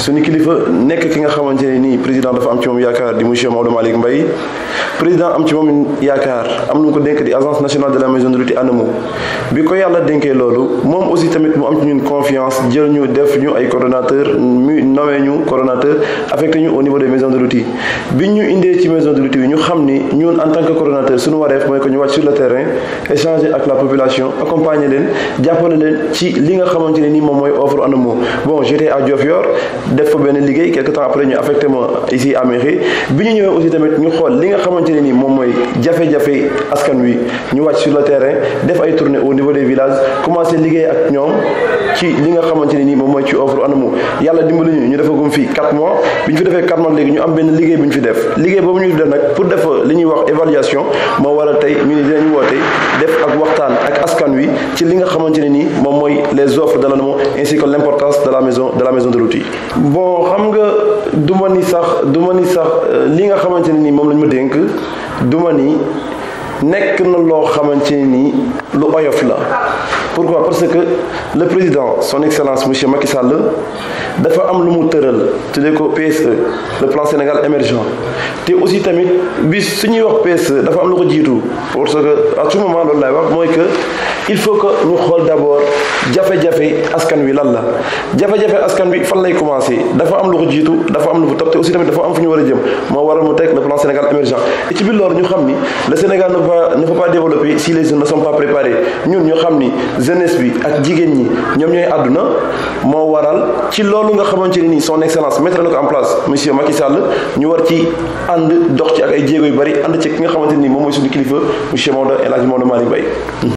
suñu kilifa nek ki nga xamante ni nii président dafa am ci mom yakar di monsieur Maodo Malick Mbaye président am ci mom yakar am nu ko denk di agence nationale de la maison de l'outil ANAMO bi ko yalla denké lolu mom aussi tamit mu am ci ñun confiance jël ñu def ñu ay coordinateur mu nommé ñu coordinateur affecté ñu au niveau des maisons de l'outil bi ñu indé ci maison de l'outil bi ñu xamni ni ñun en tant que coordinateur suñu waréf moy ko ñu wàcc sur le terrain échanger avec la population accompagner leen jàppale leen ci li nga xamante ni mom moy mooy offre ANAMO bon j'étais à Diofior def fa benn liggéey quelque temps après ñu affecté ma ici à mairie bi ñu ñëwee aussi tamit ñu xool li nga xamante ne ni moom mooy jafe-jafe askan wi ñu wàcc sur le terrain def ay tournée au niveau des villages commencé liggéey ak ñoom ci li nga xamante ne nii moom mooy ci offre anamu yàlla dimbali ñu ñu defagum fii 4 mois bi ñu fi defee 4 mois léegi ñu am benn liggéey bi ñu fi def liggéey boobu ñu def nag pour def li ñuy wax évaluation moo waral tey ñu ne dinañu woote def ak waxtaan ak askan wi ci li nga xamante ne nii les offres de ainsi que l'importance de la maison de la maison de l'outil bon xam nga duma ni sax duma ni sax euh, li nga ni lañ ma duma ni nek na lo xamanteni ni lu oyof la pourquoi parce que le président son excellence monsieur Macky Sall dafa am lu mu tëral tuddee ko PSE le plan Sénégal émergent té aussi tamit bi su wax PSE dafa am lu ko jitu parce que à tout moment loolu laay wax moy que il faut que nous xol d'abord jafé jafé askan wi lan la jafé jafé askan wi fan lay commencé dafa am lu ko jitu dafa am lu ko topp aussi tamit dafa am fu ñu war jëm mo waral mu tek le plan Sénégal émergent et ci bi loolu ñu xam ni le Sénégal ne faut pas développer si les jeunes ne sont pas préparés ñun ñu que ni jeunesse bi ak jigéen ñi ñom ñoy aduna mo waral ci lolu nga son excellence mettre en place monsieur Macky Sall ñu war ci and dox ci ak ay yu bari ci monsieur